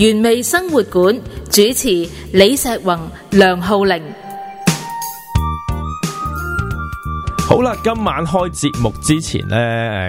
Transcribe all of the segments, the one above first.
原味生活館主持李錫宏、梁浩玲。好啦，今晚開節目之前咧，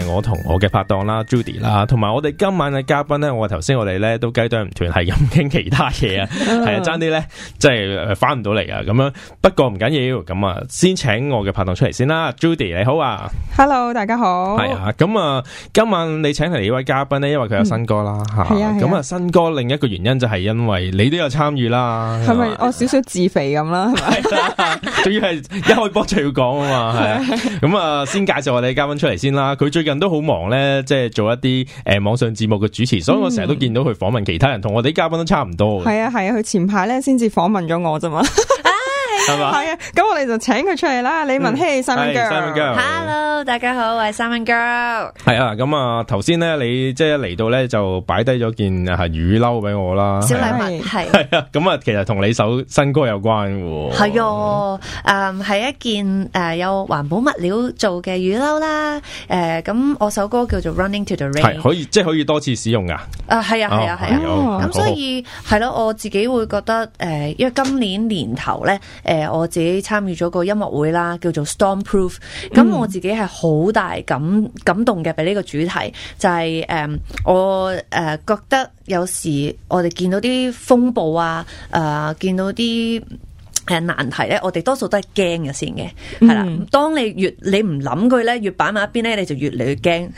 誒，我同我嘅拍檔啦，Judy 啦，同埋我哋今晚嘅嘉賓咧，我頭先我哋咧都雞啄唔斷，係咁傾其他嘢啊，係啊，爭啲咧，即係翻唔到嚟啊，咁樣。不過唔緊要，咁啊，先請我嘅拍檔出嚟先啦，Judy 你好啊，Hello，大家好，係啊，咁啊，今晚你請嚟呢位嘉賓咧，因為佢有新歌啦吓，咁啊，新歌另一個原因就係因為你都有參與啦，係咪？我少少自肥咁啦，係咪？仲要係一開波就要講啊嘛。係啊。咁啊， 先介紹我哋啲嘉賓出嚟先啦。佢最近都好忙咧，即係做一啲誒網上節目嘅主持，所以我成日都見到佢訪問其他人，同我哋啲嘉賓都差唔多嘅。係、嗯、啊，係啊，佢前排咧先至訪問咗我啫嘛。係啊，咁我哋就請佢出嚟啦，李雯希，Salmon Girl，Hello，大家好，我係 Salmon Girl。係啊，咁啊，頭先咧，你即係嚟到咧，就擺低咗件係雨褸俾我啦。小禮物係，係啊，咁啊，其實同你首新歌有關喎。係哦，誒，係一件誒有環保物料做嘅雨褸啦。誒，咁我首歌叫做《Running to the Rain》，係可以即係可以多次使用噶。啊，係啊，係啊，係啊。咁所以係咯，我自己會覺得誒，因為今年年頭咧。誒、呃、我自己參與咗個音樂會啦，叫做 Stormproof。咁我自己係好大感感動嘅，俾呢個主題就係、是、誒、呃、我誒、呃、覺得有時我哋見到啲風暴啊，誒、呃、見到啲。誒，難題咧，我哋多數都係驚嘅先嘅，係啦。當你越你唔諗佢咧，越擺埋一邊咧，你就越嚟越驚。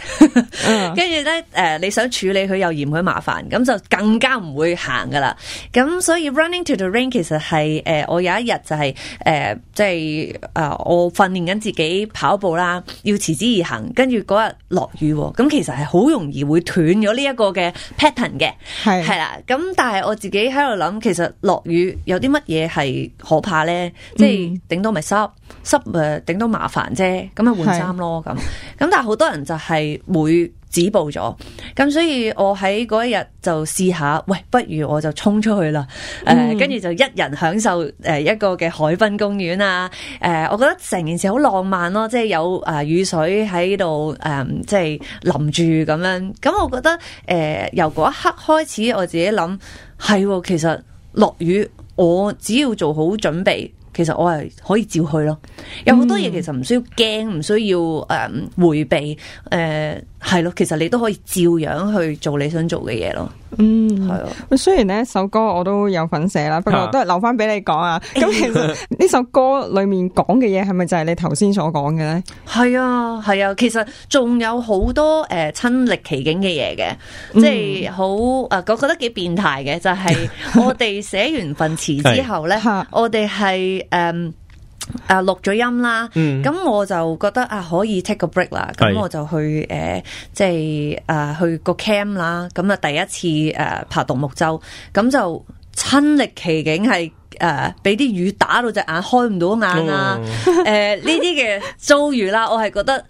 跟住咧，誒、呃，你想處理佢又嫌佢麻煩，咁就更加唔會行噶啦。咁所以 Running to the Rain 其實係，誒、呃，我有一日就係、是，誒、呃，即、就、係、是，誒、呃，我訓練緊自己跑步啦，要持之以恆。跟住嗰日落雨，咁、呃、其實係好容易會斷咗呢一個嘅 pattern 嘅，係係啦。咁的但係我自己喺度諗，其實落雨有啲乜嘢係？我怕呢，即係頂多咪濕濕誒，頂多、嗯、麻煩啫，咁咪換衫咯咁。咁是但係好多人就係會止步咗，咁所以我喺嗰一日就試下，喂，不如我就衝出去啦，誒、嗯，跟住、呃、就一人享受誒一個嘅海濱公園啊，誒、呃，我覺得成件事好浪漫咯，即係有誒雨水喺度誒，即係淋住咁樣。咁我覺得誒、呃，由嗰一刻開始，我自己諗係，其實落雨。我只要做好準備，其實我係可以照去咯。有好多嘢其實唔需要驚，唔需要誒迴避誒。呃係咯，其實你都可以照樣去做你想做嘅嘢咯。嗯，係啊的。雖然呢首歌我都有份寫啦，啊、不過都係留翻俾你講啊。咁 其實呢首歌裏面講嘅嘢係咪就係你頭先所講嘅咧？係啊，係啊。其實仲有好多誒親歷其境嘅嘢嘅，即係好誒，我覺得幾變態嘅就係、是、我哋寫完份詞之後咧， 的我哋係誒。嗯啊錄咗音啦，咁、嗯、我就覺得啊可以 take a break 啦，咁我就去誒、呃，即係啊、呃、去個 camp 啦，咁、呃、啊第一次誒、呃、爬獨木舟，咁就親歷其境，係誒俾啲雨打到隻眼開唔到眼啊，誒呢啲嘅遭遇啦，我係覺得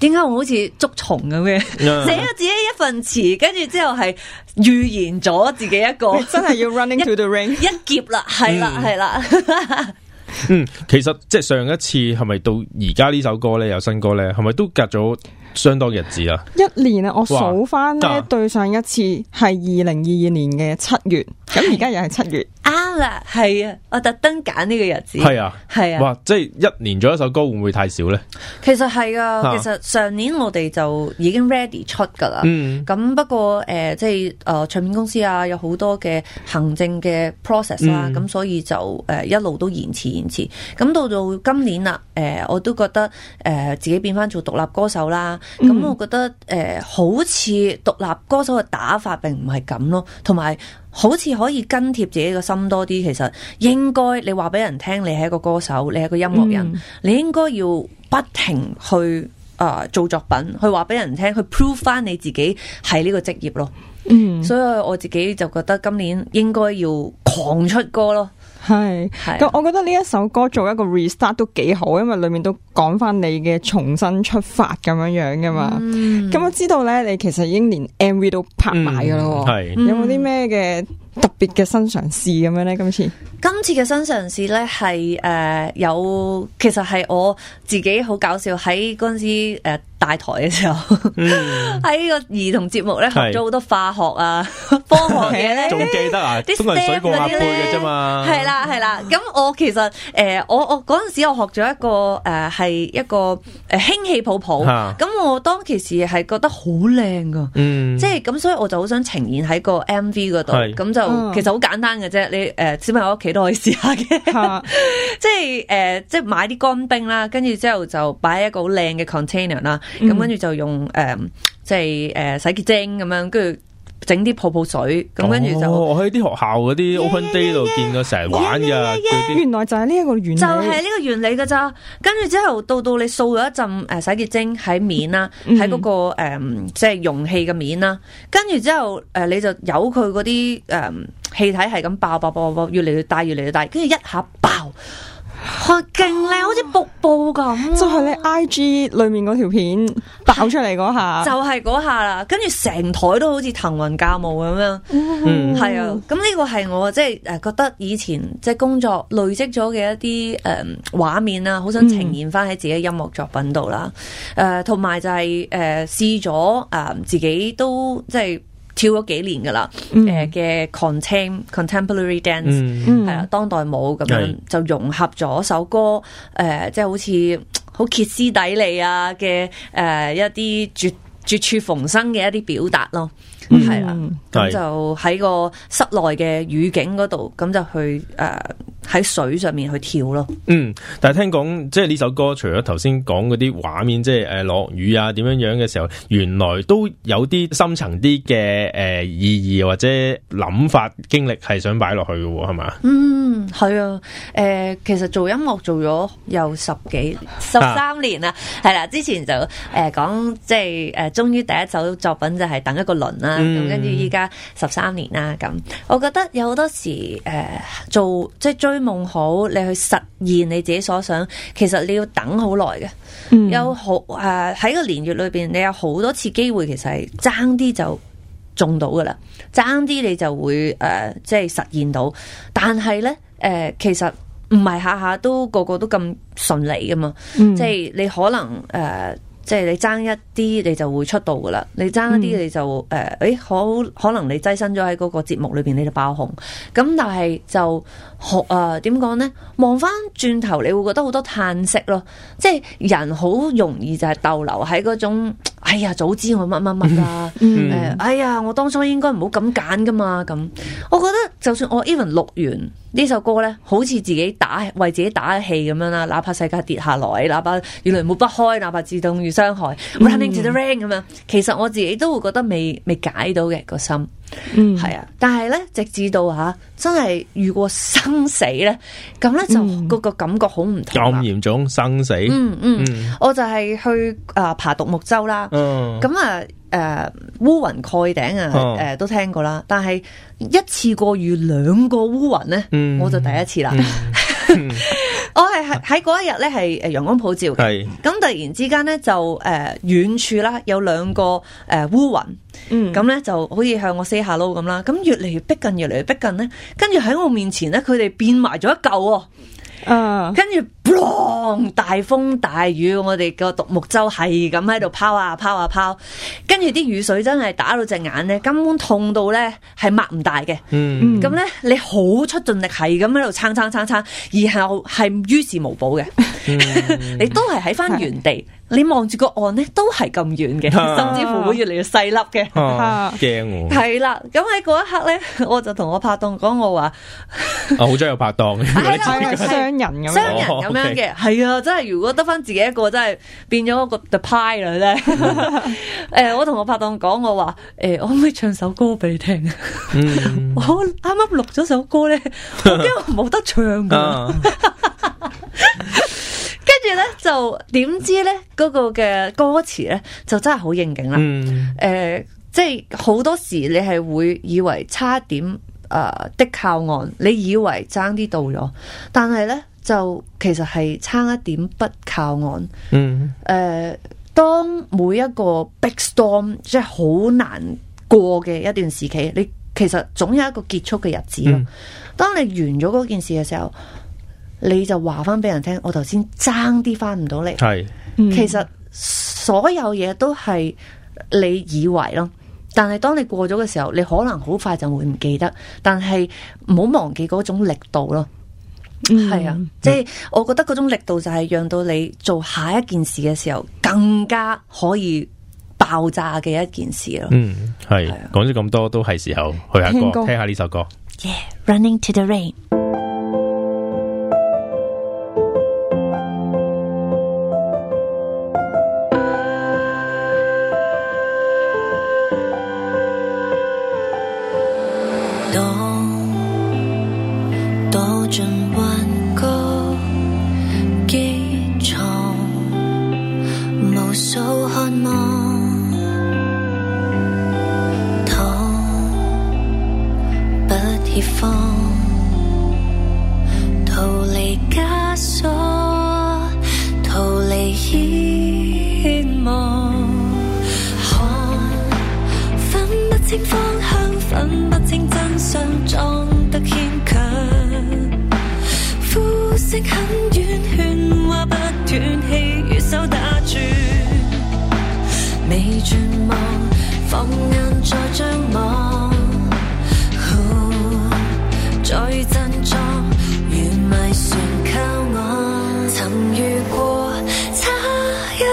點解我好似捉蟲咁嘅，寫 咗自己一份詞，跟住之後係預言咗自己一個真係要 running to the rain 一劫啦，係啦係啦。 嗯，其實即係上一次係咪到而家呢首歌呢？有新歌呢？係咪都隔咗相當日子啊？一年啊，我數翻呢哇對上一次係二零二二年嘅七月。咁而家又係七月，啱啦，係啊， 我特登揀呢個日子，係啊的，係啊的，哇，即係一年咗一首歌會唔會太少呢？其實係啊，啊其實上年我哋就已經 ready 出噶啦，咁、嗯、不過誒、呃，即係誒，唱、呃、片公司啊，有好多嘅行政嘅 process 啦、啊，咁、嗯、所以就誒、呃、一路都延遲延遲，咁到到今年啦，誒、呃，我都覺得誒、呃、自己變翻做獨立歌手啦，咁、嗯、我覺得誒、呃、好似獨立歌手嘅打法並唔係咁咯，同埋。好似可以跟貼自己個心多啲，其實應該你話俾人聽，你係一個歌手，你係個音樂人，嗯、你應該要不停去啊、呃、做作品，去話俾人聽，去 prove 翻你自己係呢個職業咯。嗯，所以我自己就覺得今年應該要狂出歌咯。係，咁我覺得呢一首歌做一個 restart 都幾好，因為裏面都講翻你嘅重新出發咁樣樣噶嘛。咁我知道咧，你其實已經連 MV 都拍埋噶啦，嗯、有冇啲咩嘅？特別嘅新嘗試咁樣咧？今次今次嘅新嘗試咧係誒有，其實係我自己好搞笑，喺嗰陣時誒大台嘅時候，喺個兒童節目咧學咗好多化學啊科學嘢咧，仲記得啊啲水過鴨背嘅，啫嘛，係啦係啦。咁我其實誒我我嗰陣時我學咗一個誒係一個誒氫氣泡泡，咁我當其時係覺得好靚噶，嗯，即係咁所以我就好想呈現喺個 M V 嗰度，咁就。其實好簡單嘅啫，你誒小朋友喺屋企都可以試下嘅、 呃，即係誒、er, 嗯呃，即係買啲乾冰啦，跟住之後就擺一個好靚嘅 container 啦，咁跟住就用誒，即係誒洗潔精咁樣，跟住。整啲泡泡水，咁跟住就我喺啲學校嗰啲 open day 度見佢成日玩嘅。原來就係呢一個原理，就係呢個原理嘅咋。跟住之後到到你掃咗一浸誒洗潔精喺面啦，喺嗰、 嗰個誒即係容器嘅面啦。跟住之後誒你就由佢嗰啲誒氣體係咁爆爆爆爆，越嚟越大，越嚟越大，跟住一下爆。哇，勁靚，好似、哦、瀑布咁、啊！就係你 IG 裏面嗰條片爆出嚟嗰下， 就係嗰下啦。跟住成台都好似騰雲駕霧咁樣，係、嗯、啊。咁呢個係我即係誒，就是、覺得以前即係工作累積咗嘅一啲誒畫面啦，好想呈現翻喺自己音樂作品度啦。誒、嗯，同埋、呃、就係、是、誒，試咗誒，自己都即係。就是跳咗幾年噶啦，誒嘅、嗯呃、Contemporary Dance 係、嗯、啊，當代舞咁樣是就融合咗首歌，誒、呃、即係好似好歇斯底里啊嘅誒、呃、一啲絕絕處逢生嘅一啲表達咯，係啦，咁就喺個室內嘅語境嗰度，咁就去誒，呃喺水上面去跳咯。嗯，但係聽講即係呢首歌，除咗頭先講嗰啲畫面，即係誒落雨啊，點樣樣嘅時候，原來都有啲深層啲嘅誒意義或者諗法、經歷係想擺落去嘅，係嘛？嗯，係啊。誒、呃，其實做音樂做咗有十幾十三年啦，係啦、啊啊。之前就誒講、呃、即係誒、呃，終於第一首作品就係、是、等一個輪啦。咁跟住依家十三年啦，咁我覺得有好多時誒、呃、做即係追夢好，你去實現你自己所想，其實你要等好耐嘅。嗯、有好誒喺、呃、個年月裏邊，你有好多次機會，其實係爭啲就中到噶啦，爭啲你就會誒、呃、即係實現到。但係呢，誒、呃，其實唔係下下都個個都咁順利噶嘛，嗯、即係你可能誒。呃即係你爭一啲，你就會出道噶啦。你爭一啲，你就誒，誒、嗯，好、呃、可能你躋身咗喺嗰個節目裏邊，你就爆紅。咁但係就好啊？點講呢？望翻轉頭，你會覺得好多嘆息咯。即係人好容易就係逗留喺嗰種，哎呀，早知我乜乜乜啦，誒，哎呀，我當初應該唔好咁揀噶嘛。咁，我覺得就算我 even 錄完。呢首歌咧，好似自己打為自己打氣咁樣啦，哪怕世界跌下來，哪怕原來抹不開，哪怕自動遇傷害、mm.，Running to the Rain 咁樣。其實我自己都會覺得未未解到嘅個心，嗯，係啊。但係咧，直至到吓、啊、真係遇過生死咧，咁咧就嗰、mm. 個感覺好唔同。咁嚴重生死，嗯嗯，嗯 mm. 我就係去啊爬獨木舟啦，咁啊。誒，烏雲蓋頂啊！誒、呃，都聽過啦，但係一次過遇兩個烏雲咧，嗯、我就第一次啦。嗯嗯、 我係喺喺嗰一日咧係誒陽光普照嘅，咁是突然之間咧就誒遠、呃、處啦有兩個誒烏雲，咁、呃、咧、嗯、就好似向我 say 下撈咁啦，咁越嚟越逼近，越嚟越逼近咧，跟住喺我面前咧，佢哋變埋咗一嚿哦。跟住，大風大雨，我哋個獨木舟係咁喺度拋啊拋啊拋，跟住啲雨水真係打到隻眼咧，根本痛到咧係擘唔大嘅。嗯，咁咧你好出盡力係咁喺度撐撐撐撐，然後係於事無補嘅，你都係喺翻原地，你望住個岸咧都係咁遠嘅，甚至乎會越嚟越細粒嘅。吓，驚喎！係啦，咁喺嗰一刻咧，我就同我拍檔講，我話，我好中意有拍檔雙人咁樣嘅，係啊 Okay.，真係如果得翻自己一個，真係變咗一個 the pie 啦，真係。誒、 呃，我同我拍檔講，我話，誒，我可唔可以唱首歌俾你聽、嗯 我剛剛，我啱啱錄咗首歌咧，我驚冇得唱噶。跟住咧，就點知咧，嗰、那個嘅歌詞咧，就真係好應景啦。誒、嗯呃，即係好多時你係會以為差點。Uh, 的靠岸，你以為爭啲到咗，但係呢，就其實係差一點不靠岸。嗯、mm，誒、hmm. 呃，當每一個 big storm，即係好難過嘅一段時期，你其實總有一個結束嘅日子咯。Mm hmm. 當你完咗嗰件事嘅時候，你就話翻俾人聽，我頭先爭啲翻唔到嚟。Mm hmm. 其實所有嘢都係你以為咯。但係當你過咗嘅時候，你可能好快就會唔記得，但係唔好忘記嗰種力度咯。係、嗯、啊，即係我覺得嗰種力度就係讓到你做下一件事嘅時候，更加可以爆炸嘅一件事咯。嗯，係。講咗咁多，都係時候去下歌，聽歌。聽下呢首歌。Yeah，running to the rain。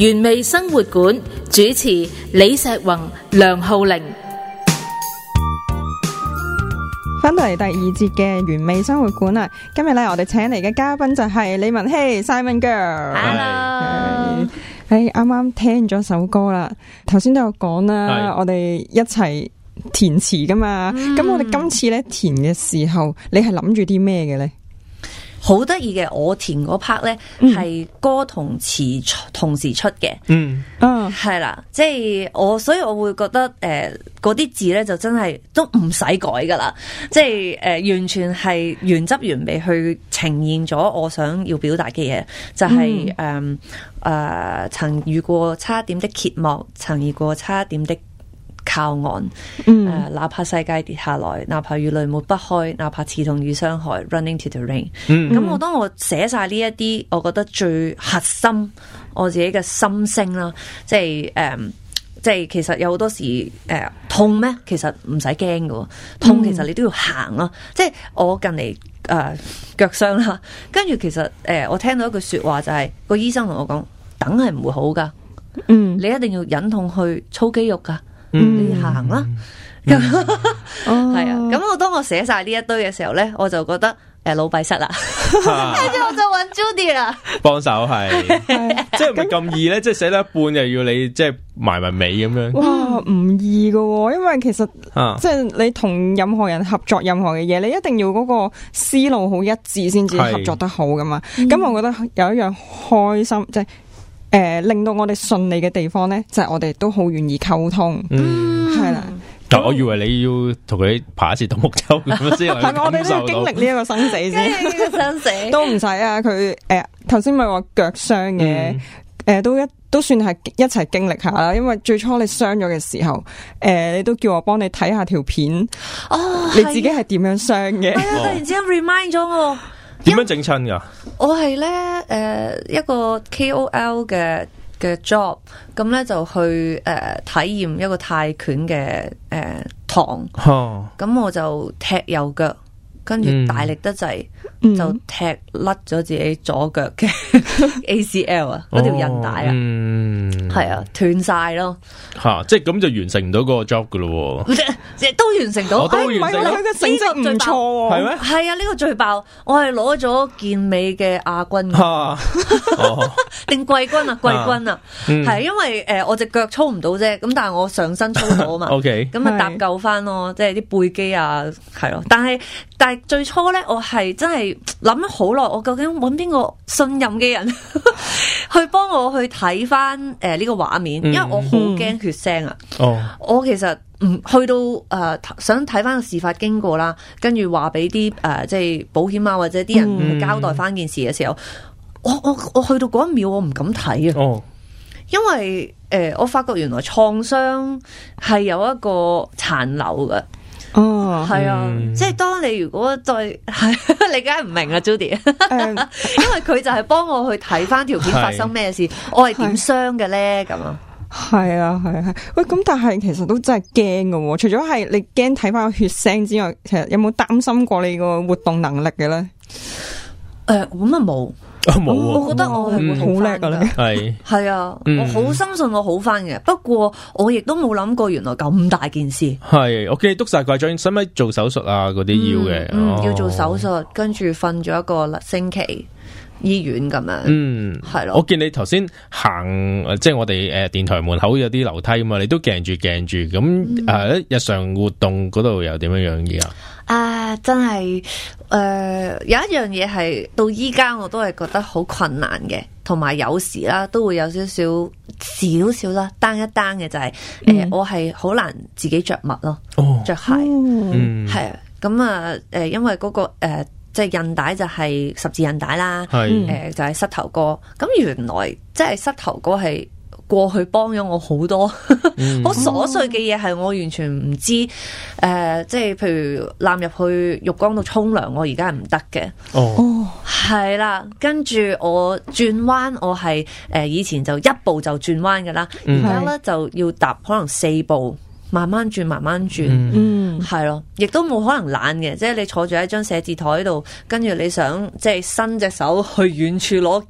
原味生活館主持李石宏、梁浩玲，翻到嚟第二節嘅原味生活館啦。今日咧，我哋請嚟嘅嘉賓就係李雯希 Simon Girl。Hello，係啱啱聽咗首歌啦。頭先都有講啦，Hey. 我哋一齊填詞噶嘛。咁、嗯、我哋今次咧填嘅時候，你係諗住啲咩嘅咧？好得意嘅，我填嗰 part 咧，係歌同詞同時出嘅，嗯，嗯係啦，即係我所以我會覺得誒嗰啲字咧就真係都唔使改噶啦，嗯、即係誒、呃、完全係原汁原味去呈現咗我想要表達嘅嘢，就係誒誒曾遇過差點的揭幕，曾遇過差點的。靠岸，誒、嗯，哪怕世界跌下來，哪怕雨淚抹不開，哪怕刺痛與傷害，Running to the rain、嗯。咁我當我寫晒呢一啲，我覺得最核心我自己嘅心聲啦，即係誒、嗯，即係其實有好多時誒、呃、痛咩？其實唔使驚㗎，痛其實你都要行啦、啊。嗯、即係我近嚟誒、呃、腳傷啦，跟住其實誒、呃、我聽到一句說話就係、是、個醫生同我講，等係唔會好噶，嗯、你一定要忍痛去操肌肉噶、啊。嗯，行啦，係啊，咁我當我寫晒呢一堆嘅時候咧，我就覺得誒腦閉塞啦，跟住我就揾 Judy 啦，幫手係，即係唔係咁易咧？即係寫到一半又要你即係埋埋尾咁樣？哇，唔易噶，因為其實即係、啊、你同任何人合作任何嘅嘢，你一定要嗰個思路好一致先至合作得好噶嘛。咁我覺得有一樣開心即係。嗯誒，令到我哋信你嘅地方咧，就係我哋都好願意溝通，係啦。但我以為你要同佢爬一次獨木舟我哋都要經歷呢一個生死先，呢生死都唔使啊！佢誒，頭先咪話腳傷嘅，誒，都一都算係一齊經歷下啦。因為最初你傷咗嘅時候，誒，你都叫我幫你睇下條片，哦，你自己係點樣傷嘅，突然之間 remind 咗我。點樣整親噶？我係呢誒、呃，一個 KOL 嘅嘅 job，咁呢就去誒、呃、體驗一個泰拳嘅誒堂，咁、呃、 我就踢右腳，跟住大力得滯、嗯。就踢甩咗自己左腳嘅 ACL 啊，嗰條韌帶啊，係啊斷晒咯，吓即係咁就完成唔到嗰個 job 噶咯，亦都完成到，都完成，成績唔錯係咩？係啊，呢個最爆，我係攞咗健美嘅亞軍啊，定季軍啊，季軍啊，係因為誒我隻腳操唔到啫，咁但係我上身操到啊嘛，OK，咁啊搭救翻咯，即係啲背肌啊，係咯，但係但係最初咧，我係真係。諗咗好耐，我究竟搵邊個信任嘅人 去幫我去睇翻誒呢個畫面，因為我好驚血腥啊！嗯、我其實唔去到誒、呃、想睇翻個事發經過啦，跟住話俾啲誒即係保險啊或者啲人去交代翻件事嘅時候，嗯、我我我去到嗰一秒我唔敢睇啊！哦、因為誒、呃、我發覺原來創傷係有一個殘留嘅。哦，係啊，嗯、即係當你如果再係， 你梗係唔明啊 Judy 因為佢就係幫我去睇翻條片發生咩事，是我係點傷嘅咧咁啊，係啊係啊，啊，喂，咁但係其實都真係驚噶，除咗係你驚睇翻個血腥之外，其實有冇擔心過你個活動能力嘅咧？誒、嗯，咁啊冇。我、 啊嗯、我覺得我係好叻翻嘅，係係 是 啊，我好深信我好翻嘅。不過我亦都冇諗過原來咁大件事。係我見你督晒怪，磚、okay，使唔使做手術啊？嗰啲要嘅，嗯，要做手術，哦、跟住瞓咗一個星期。醫院咁樣，嗯，係咯的。我見你頭先行，即係我哋誒電台門口有啲樓梯啊嘛，你都鏡住鏡住咁，誒、嗯嗯，日常活動嗰度又點樣樣嘢啊？誒，真係誒，有一樣嘢係到依家我都係覺得好困難嘅，同埋有時啦，都會有少少少少啦，單一單嘅就係、是、誒、嗯呃，我係好難自己着襪咯，哦、着鞋、嗯，係啊、嗯，咁啊，誒、嗯，嗯、因為嗰、那個誒。呃呃嗯即係韌帶就係十字韌帶啦，誒是、呃、就係、是、膝頭哥。咁、嗯、原來即係、就是、膝頭哥係過去幫咗我好多，好、 嗯、 瑣碎嘅嘢係我完全唔知。誒、呃，即係譬如攬入去浴缸度沖涼，我而家係唔得嘅。哦，係啦。跟住我轉彎我，我係誒以前就一步就轉彎噶啦，而家咧就要踏可能四步。慢慢轉，慢慢轉，嗯，係咯、嗯，亦都冇可能懶嘅，即係你坐住喺張寫字台度，跟住你想即係伸隻手去遠處攞，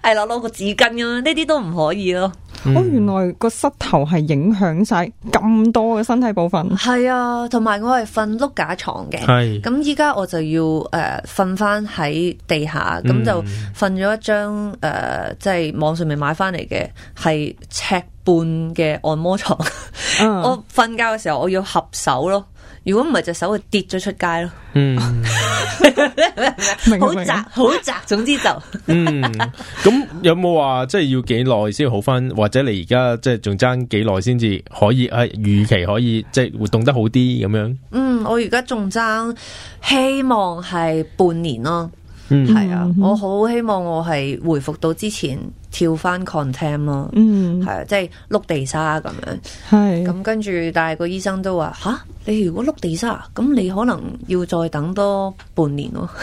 係攞攞個紙巾咁、啊、樣，呢啲都唔可以咯。哦，原來個膝頭係影響晒咁多嘅身體部分。係、嗯、 啊，同埋我係瞓碌架床嘅。係咁是，依家我就要誒瞓翻喺地下，咁、嗯、就瞓咗一張誒，即、uh, 係網上面買翻嚟嘅係尺半嘅按摩床。 我瞓覺嘅時候，我要合手咯。如果唔係，隻手會跌咗出街咯。嗯， 好窄好窄， 好窄。總之就，嗯，咁有冇話即係要幾耐先好返？或者你而家即係仲爭幾耐先至可以？係、啊、預期可以即係活動得好啲咁樣？嗯，我而家仲爭，希望係半年咯。嗯，係啊，mm hmm. 我好希望我係回復到之前。跳翻 contemp 咯、嗯，係啊，即係碌地沙咁樣，咁是跟住，但係個醫生都話，吓，你如果碌地沙，咁你可能要再等多半年咯、啊，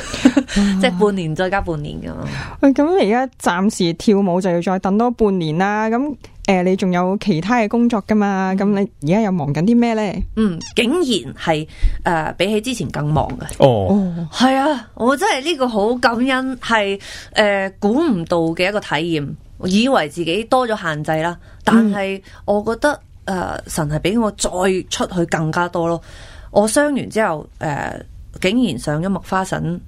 即係半年再加半年噶、啊。喂、啊，咁你而家暫時跳舞就要再等多半年啦，咁。誒，你仲有其他嘅工作㗎嘛？咁你而家又忙緊啲咩呢？嗯，竟然係誒、呃，比起之前更忙嘅。哦，係啊，我真係呢個好感恩，係誒、呃，估唔到嘅一個體驗。我以為自己多咗限制啦，但係我覺得誒、嗯呃，神係俾我再出去更加多咯。我傷完之後，誒、呃，竟然上咗麥花臣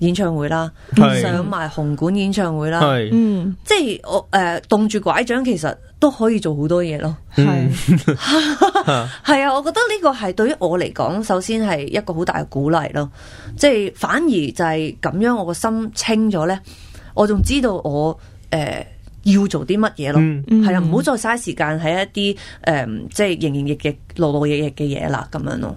演唱會啦，是上埋紅館演唱會啦。是嗯，即係我誒，凍、呃、住拐杖其實。都可以做好多嘢咯，係，係啊！我覺得呢個係對於我嚟講，首先係一個好大嘅鼓勵咯。即係反而就係咁樣，我個心清咗呢，我仲知道我誒要做啲乜嘢咯。係啦，唔好再嘥時間喺一啲誒，即係營營役役、勞勞役役嘅嘢啦，咁樣咯。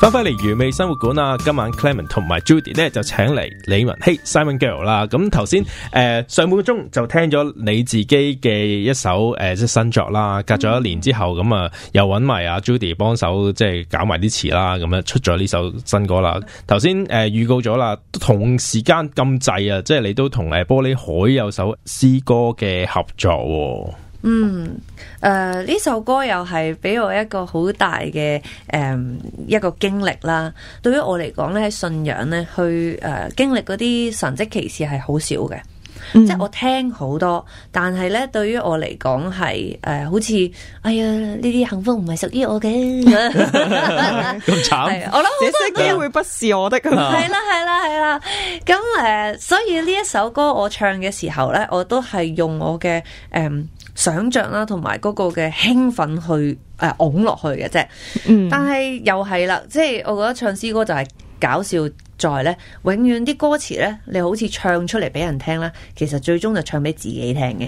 翻返嚟漁味生活館啊！今晚 Clement 同埋 Judy 咧就請嚟李雯希 Simon Gill 啦。咁頭先誒上半個鐘就聽咗你自己嘅一首誒、呃、即係新作啦。隔咗一年之後咁啊、嗯，又揾埋阿、啊、Judy 幫手即係搞埋啲詞啦。咁、嗯、樣出咗呢首新歌啦。頭先誒預告咗啦，同時間咁滯啊，即係你都同誒玻璃海有首詩歌嘅合作喎、哦。嗯，誒，呢首歌又係俾我一個好大嘅誒一個經歷啦。對於我嚟講咧，信仰咧，去誒經歷嗰啲神蹟奇事係好少嘅，即係我聽好多，但係咧對於我嚟講係誒好似，哎呀呢啲幸福唔係屬於我嘅，咁慘，我諗好多機會不是我的啦。係啦係啦係啦，咁誒，所以呢一首歌我唱嘅時候咧，我都係用我嘅誒。想像啦，同埋嗰個嘅興奮去誒㧬落、啊、去嘅啫。嗯、但係又係啦，即係我覺得唱詩歌就係搞笑。在咧，永遠啲歌詞咧，你好似唱出嚟俾人聽啦，其實最終就唱俾自己聽嘅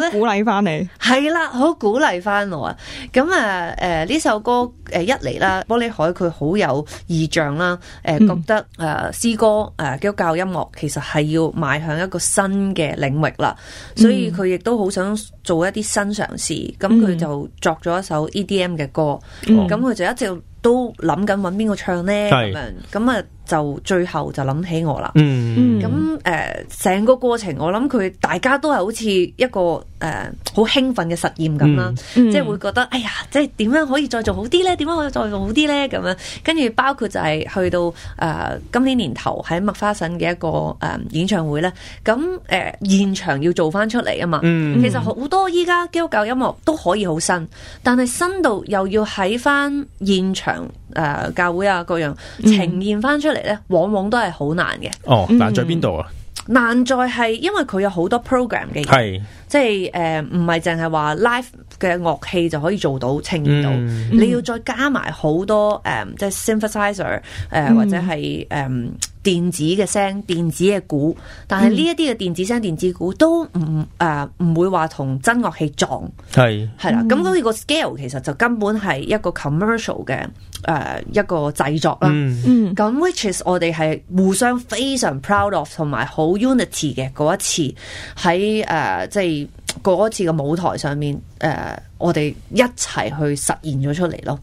呢， 好鼓勵翻你。係 啦，好鼓勵翻我啊！咁啊，誒呢首歌誒一嚟啦，玻璃海佢好有意象啦，誒、呃嗯、覺得誒詩歌誒基督教音樂其實係要邁向一個新嘅領域啦，所以佢亦都好想做一啲新嘗試，咁佢就作咗一首 EDM 嘅歌，咁佢、嗯嗯、就一直。都諗緊搵邊個唱咧，咁是樣咁啊就最後就諗起我啦。嗯嗯，咁誒，成、呃、個過程我諗佢大家都係好似一個。誒，好、呃、興奮嘅實驗咁啦，嗯、即係會覺得，哎呀，即係點樣可以再做好啲呢？點樣可以再做好啲呢？咁樣，跟住包括就係去到誒、呃、今年年頭喺麥花臣嘅一個誒、呃、演唱會呢。咁、呃、誒現場要做翻出嚟啊嘛。嗯、其實好多依家基督教音樂都可以好新，但係新度又要喺翻現場誒、呃、教會啊各樣呈現翻出嚟呢，往往都係好難嘅。哦，難在邊度啊？難在係，因為佢有好多 program 嘅嘢，是即係誒，唔係淨係話 life 嘅樂器就可以做到呈現到，嗯、你要再加埋好多誒，um, 即係 synthesizer 誒、uh, 嗯，或者係誒、um, 電子嘅聲、電子嘅鼓，嗯、但係呢一啲嘅電子聲、電子鼓都唔誒唔會話同真樂器撞，係係啦。咁所以個 scale 其實就根本係一個 commercial 嘅誒、uh, 一個製作啦。咁、嗯嗯、which is 我哋係互相非常 proud of 同埋好 unity 嘅嗰一次喺誒即係。嗰次嘅舞台上面，誒、呃，我哋一齊去實現咗出嚟咯。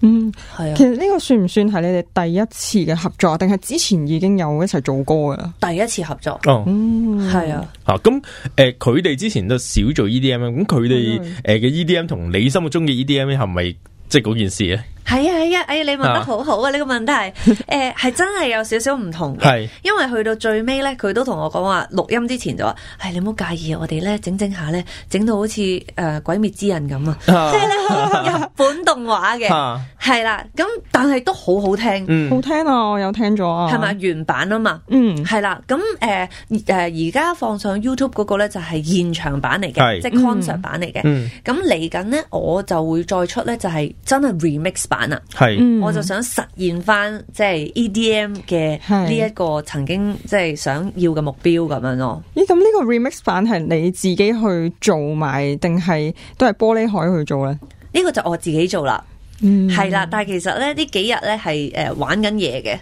嗯，係啊。其實呢個算唔算係你哋第一次嘅合作？定係之前已經有一齊做過嘅？第一次合作。哦，嗯，係啊。吓、啊，咁誒，佢、呃、哋之前都少做 E D M。咁佢哋誒嘅 E D M 同你心目中嘅 E D M 係咪即係嗰件事咧？係啊係啊，哎呀！你問得好好啊，呢個問題，誒，係真係有少少唔同嘅，因為去到最尾呢，佢都同我講話，錄音之前就話，你唔好介意，我哋呢，整整下呢，整到好似誒鬼滅之刃咁啊，即係咧日本動畫嘅，係啦，咁但係都好好聽，好聽啊！我有聽咗啊，係咪原版啊嘛？嗯，係啦，咁誒誒，而家放上 YouTube 嗰個呢，就係現場版嚟嘅，即係 concert 版嚟嘅，咁嚟緊呢，我就會再出呢，就係真係 remix。係，嗯、我就想實現翻即係 EDM 嘅呢一個曾經即係想要嘅目標咁樣咯。咦的，咁呢個 remix 版係你自己去做埋，定係都係玻璃海去做呢？呢個就我自己做啦。係啦、嗯，但係其實咧，呢幾日咧係誒玩緊嘢嘅，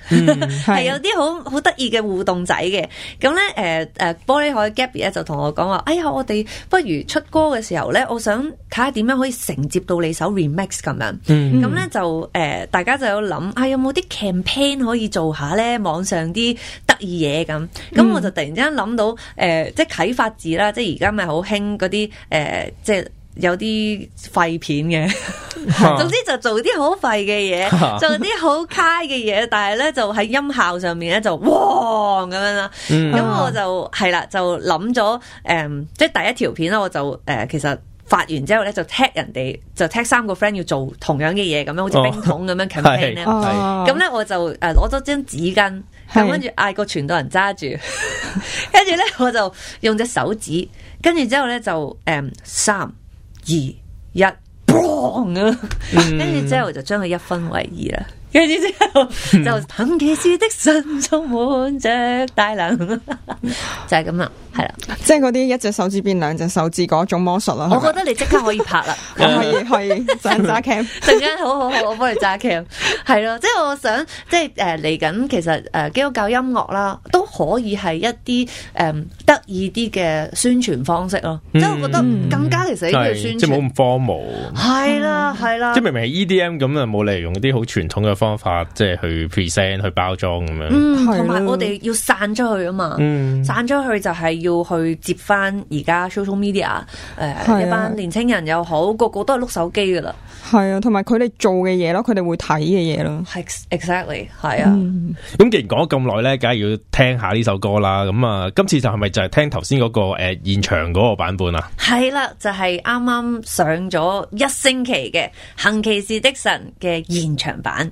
係 有啲好好得意嘅互動仔嘅。咁咧，誒、呃、誒，玻璃海 Gabby 咧就同我講話，哎呀，我哋不如出歌嘅時候咧，我想睇下點樣可以承接到你首 Remix 咁樣。咁咧、嗯、就誒，呃嗯、大家就有諗，啊，有冇啲 campaign 可以做下咧？網上啲得意嘢咁，咁我就突然之間諗到，誒、呃，即係啟發字啦，即係而家咪好興嗰啲，誒、呃，即係。有啲廢片嘅，總之就做啲好廢嘅嘢，做啲好卡嘅嘢，但係咧就喺音效上面咧就哇咁樣啦、嗯啊。咁我就係啦，就諗咗誒，即係第一條片咧，我就誒其實發完之後咧就踢人哋，就踢三個 friend 要做同樣嘅嘢，咁樣好似冰桶咁樣 campaign 咁，咧我就誒攞咗張紙巾是，咁跟住嗌個傳道人揸住是，跟住咧我就用隻手指，跟住之後咧就誒 s 二一，bang，跟住之後就將佢一分為二啦。跟住之後就彭騎士的神充滿着大能，就係咁啦，係啦，即係嗰啲一隻手指變兩隻手指嗰一種魔術啦。我覺得你即刻可以拍啦，可以可以，幫我揸 cam，陣間好好好，我幫你揸 cam，係咯，即係我想，即係誒嚟緊，其實誒基督教音樂啦，都可以係一啲誒得意啲嘅宣傳方式咯。即係我覺得更加其實呢個宣傳，即係冇咁荒謬，係啦係啦，即明明係 EDM 咁啊，冇理由用啲好傳統嘅。方法即係去 present 去包裝咁樣，嗯，同埋我哋要散出去啊嘛，嗯，散出去就係要去接翻而家 social media 誒一班年青人又好，個個都係碌手機噶啦，係啊，同埋佢哋做嘅嘢咯，佢哋會睇嘅嘢咯，exactly 係啊，咁、嗯、既然講咗咁耐咧，梗係要聽下呢首歌啦，咁啊，今次就係咪就係聽頭先嗰個誒、呃、現場嗰個版本啊？係啦、啊，就係啱啱上咗一星期嘅《行奇事的神》嘅現場版。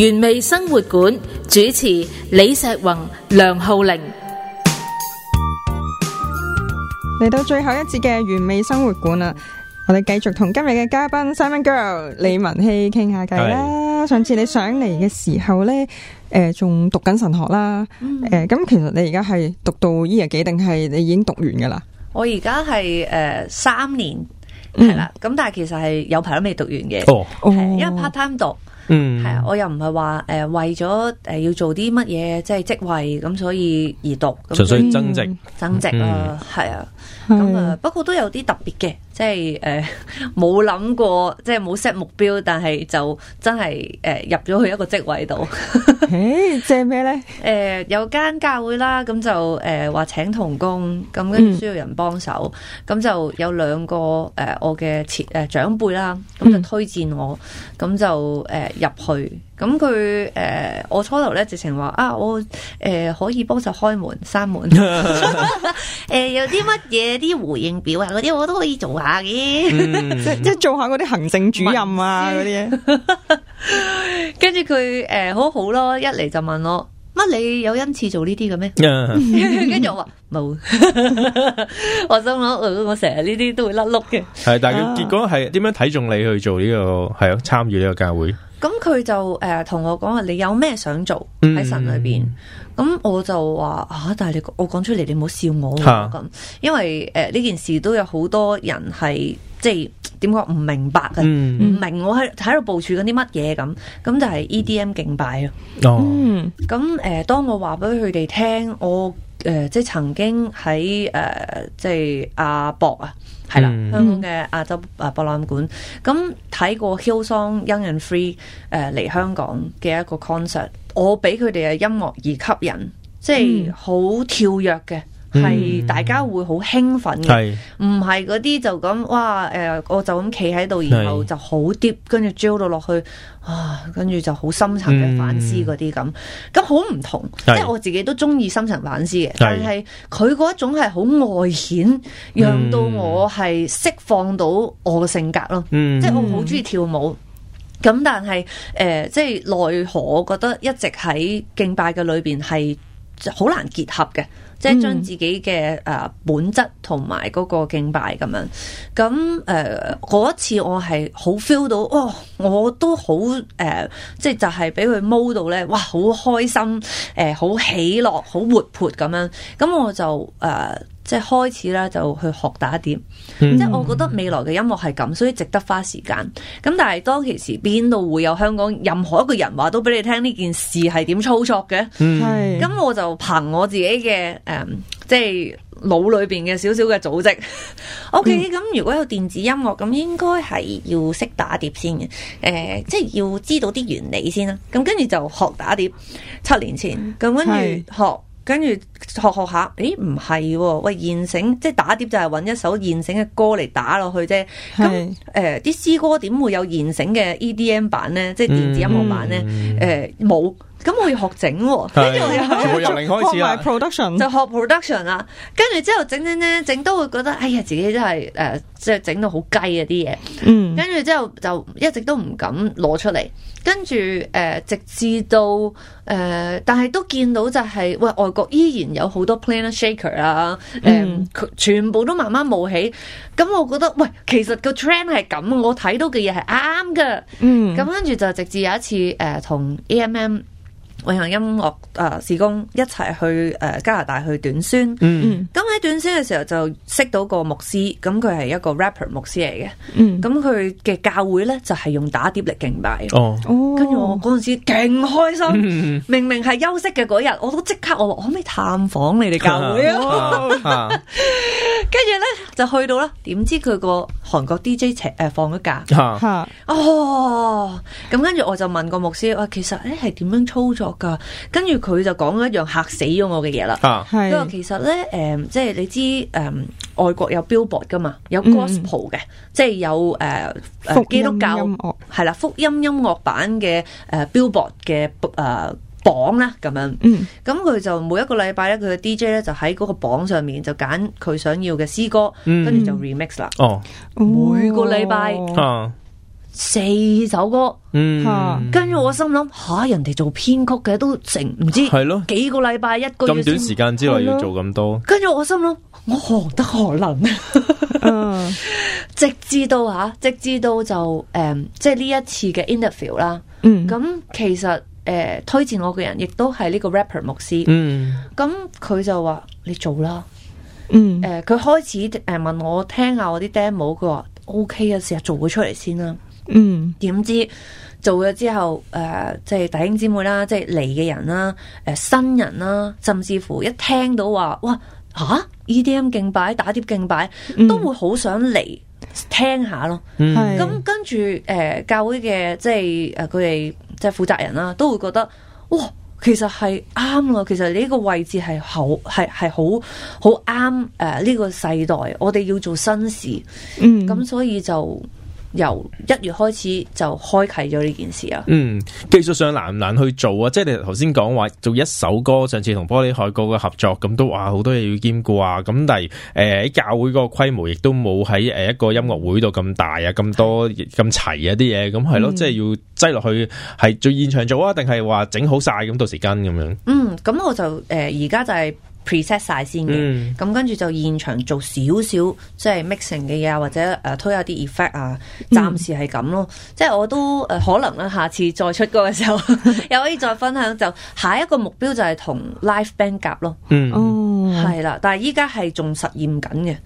原味生活館主持李石宏、梁浩玲，嚟到最後一節嘅原味生活館啦，我哋繼續同今日嘅嘉賓 Simon Girl 李雯希傾下偈啦。上次你上嚟嘅時候咧，誒仲讀緊神學啦，誒咁其實你而家係讀到 year 幾，定係你已經讀完噶啦？我而家係誒三年係啦。咁但係其實係有排都未讀完嘅，因為 part time 讀。嗯，係啊，我又唔係話誒為咗誒、呃、要做啲乜嘢即係職位咁所以而讀，純粹增值，嗯、增值咯，係啊，咁、嗯、啊，啊，啊，啊不過都有啲特別嘅。即係誒，冇、呃、諗過，即係冇 set 目標，但係就真係誒、呃、入咗去一個職位度。誒、 欸，即咩咧？誒、呃，有間教會啦，咁就誒話、呃、請同工，咁跟住需要人幫手，咁、嗯、就有兩個誒、呃，我嘅前誒、呃、長輩啦，咁就推薦我，咁、嗯、就誒、呃、入去。咁佢誒，我初頭咧直情話啊，我誒可以幫手開門、閂門，誒有啲乜嘢啲回應表啊嗰啲，我都可以做下嘅，即係做下嗰啲行政主任啊嗰啲嘢。跟住佢誒，好好咯，一嚟就問我乜你有恩賜做呢啲嘅咩？跟住 我話冇、 呃，我心諗我成日呢啲都會甩碌嘅。係，但係結果係點樣睇中你去做呢、這個係啊？參與呢個教會。咁佢就誒同、呃、我講話，你有咩想做喺神裏邊？咁、嗯、我就話啊，但係你我講出嚟，你唔好笑我咁。啊、因為誒呢、呃、件事都有好多人係即係點講唔明白嘅，唔、嗯、明我喺喺度部署緊啲乜嘢咁。咁就係 EDM 敬拜啊。哦，咁誒、嗯呃，當我話俾佢哋聽我。誒、呃、即係曾經喺誒、呃、即係亞博啊，係啦，嗯、香港嘅亞洲誒博覽館，咁睇過 Hillsong、Young and Free 誒嚟、呃、香港嘅一個 concert，我俾佢哋嘅音樂而吸引，即係好跳躍嘅。嗯嗯係大家會好興奮嘅，唔係嗰啲就咁哇，誒、呃，我就咁企喺度，是然後就好啲，跟住掉到落去，啊，跟住就好深層嘅反思嗰啲咁，咁好唔同。是即係我自己都中意深層反思嘅，是但係佢嗰一種係好外顯，讓到我係釋放到我嘅性格咯。嗯、即係我好中意跳舞，咁、嗯嗯、但係誒、呃，即係奈何我覺得一直喺敬拜嘅裏邊係好難結合嘅。即係將自己嘅誒本質同埋嗰個敬拜咁樣，咁誒嗰一次我係好 feel 到，哦，我都好誒，即、呃、係就係俾佢 move 到咧，哇！好開心，誒、呃、好喜樂，好活潑咁樣，咁我就誒。呃即係開始咧，就去學打碟。嗯、即係我覺得未來嘅音樂係咁，所以值得花時間。咁但係當其時，邊度會有香港任何一個人話都俾你聽呢件事係點操作嘅？係咁、嗯，是我就憑我自己嘅誒、嗯，即係腦裏邊嘅少少嘅組織。OK，咁如果有電子音樂，咁應該係要識打碟先嘅。誒、呃，即係要知道啲原理先啦。咁跟住就學打碟。七年前咁跟住學。是學跟住學學下，誒，唔係喎，喂！現成，即係打碟就係揾一首現成嘅歌嚟打落去啫。咁誒，啲詩歌點會有現成嘅 EDM 版咧？即係電子音樂版咧？誒，冇、嗯嗯嗯。呃咁我要學整、啊，跟住的我又學開始學埋 production，就學 production 啦。跟住之後整整咧，整都會覺得，哎呀，自己真係誒，即、呃、係整到好雞啊啲嘢。嗯，跟住之後就一直都唔敢攞出嚟。跟住誒，直至到誒、呃，但係都見到就係、是，喂，外國依然有好多 Planetshakers 啊，誒、呃，嗯，全部都慢慢冒起。咁我覺得，喂，其實個 trend 係咁，我睇到嘅嘢係啱噶。嗯，咁跟住就直至有一次，誒、呃，同 AMM。我行音樂誒事工一齊去誒、呃、加拿大去短宣、嗯嗯，嗯嗯，咁喺短宣嘅時候就識到個、啊啊哦、牧師，咁佢係一個 rapper 牧師嚟嘅，嗯，咁佢嘅教會咧就係用打碟嚟敬拜，哦，跟住我嗰陣時勁開心，明明係休息嘅嗰日，我都即刻我話可唔可以探訪你哋教會啊？跟住咧就去到啦，點知佢個韓國 DJ 誒放咗假，哦，咁跟住我就問個牧師話，其實誒係點樣操作？噶，跟住佢就講一樣吓死咗我嘅嘢啦。係、啊，因為其實咧，誒、嗯，即係你知，誒、嗯，外國有 Billboard 噶嘛，有 Gospel 嘅，嗯、即係有誒，呃、音音基督教係啦，福音音樂版嘅誒 Billboard 嘅誒榜啦，咁樣。嗯，咁佢就每一個禮拜咧，佢嘅 DJ 咧就喺嗰個榜上面就揀佢想要嘅詩歌，跟住、嗯、就 remix 啦。哦，哦每個禮拜。啊四首歌，吓、嗯，跟住我心諗吓、啊，人哋做編曲嘅都成唔知係咯，的幾個禮拜一個月咁短時間之內要做咁多，跟住的我心諗我何德何能 直至到吓，直至到就誒、呃，即係呢一次嘅 interview 啦。咁、嗯嗯、其實誒、呃、推薦我嘅人亦都係呢個 rapper 牧師。嗯，咁佢就話你做啦。嗯，佢開始誒問我聽下我啲 demo，佢話 O K 啊，試下做佢出嚟先啦。嗯，點知做咗之後誒，即係弟兄姊妹啦，即係嚟嘅人啦，誒、呃，新人啦，甚至乎一聽到話哇吓、啊、E D M 敬拜打碟敬拜，嗯、都會好想嚟聽下咯。咁、嗯、跟住誒、呃，教會嘅即係誒，佢哋即係負責人啦，都會覺得哇，其實係啱啊，其實你呢個位置係好係係好好啱誒呢個世代，我哋要做新事。嗯，咁、嗯、所以就。1 由一月開始就開啟咗呢件事啊。嗯，技術上難唔難去做啊？即係你頭先講，話做一首歌，上次同玻璃海哥嘅合作咁都哇好多嘢要兼顧啊。咁但係誒喺教會嗰個規模亦都冇喺誒一個音樂會度咁大啊，咁的多咁齊啊啲嘢，咁係咯，嗯、即係要擠落去係做現場做啊，定係話整好晒咁到時間咁樣？嗯，咁我就誒而家就係、是。preset 晒先嘅，咁跟住就現場做少少即係 mixing 嘅嘢或者誒、啊、推下啲 effect 啊，暫時係咁咯。嗯、即係我都誒、呃、可能啦，下次再出歌嘅時候 又可以再分享。就下一個目標就係同 live band 夾咯。嗯，係啦、哦，但係依家係仲實驗緊嘅。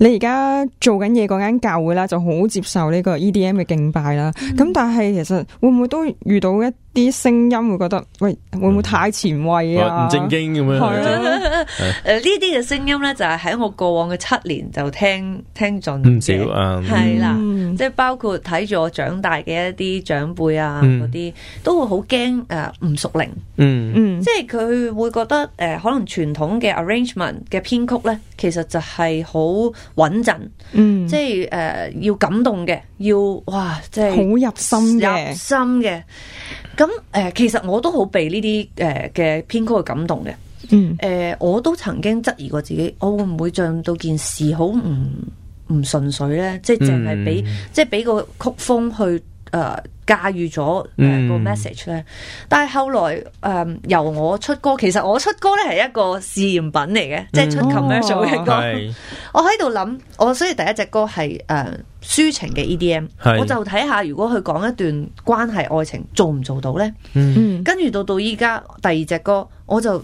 你而家做緊嘢嗰間教會啦，就好接受呢個 EDM 嘅敬拜啦。咁、嗯、但係其實會唔會都遇到一啲聲音，會覺得喂，會唔會太前衛啊？唔、嗯、正經咁樣。係啊。誒，呢啲嘅聲音咧，就係喺我過往嘅七年就聽聽盡。唔少啊。係、嗯、啦，即係包括睇住我長大嘅一啲長輩啊，嗰啲、嗯、都會好驚誒唔熟靈。嗯嗯。嗯，即係佢會覺得誒、呃，可能傳統嘅 arrangement 嘅編曲咧，其實就係好。穩陣，嗯、即係誒、呃、要感動嘅，要哇即係好入心嘅，咁誒、呃、其實我都好被呢啲誒嘅編曲去感動嘅，誒、嗯呃、我都曾經質疑過自己，我會唔會將到件事好唔唔純粹咧？即係淨係俾即係俾個曲風去。誒，駕馭咗個 message 咧，嗯、但係後來誒、呃、由我出歌，其實我出歌咧係一個試驗品嚟嘅，嗯、即係出 commercial 一個。是 我喺度諗，我所以第一隻歌係誒、呃、抒情嘅 EDM，< 是 S 1> 我就睇下如果佢講一段關係愛情做唔做到咧。跟住、嗯嗯、到到依家第二隻歌，我就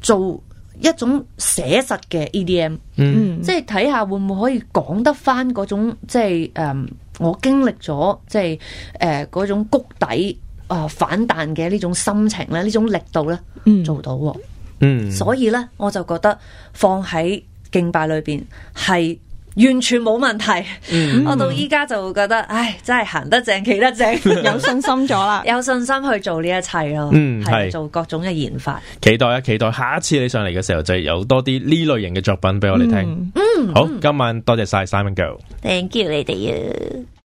做一種寫實嘅 EDM，、嗯嗯、即係睇下會唔會可以講得翻嗰種即係誒。嗯嗯我經歷咗即係誒嗰種谷底啊、呃、反彈嘅呢種心情咧，呢種力度咧做到喎、哦，嗯、所以咧我就覺得放喺敬拜裏邊係。完全冇問題，嗯、我到依家就會覺得，唉，真係行得正，企得正， 有信心咗啦， 有信心去做呢一切咯。嗯，係是是做各種嘅研發，期待啊，期待下一次你上嚟嘅時候，就有多啲呢類型嘅作品俾我哋聽嗯。嗯，好，今晚多謝晒 Simon Girl，Thank you, Lady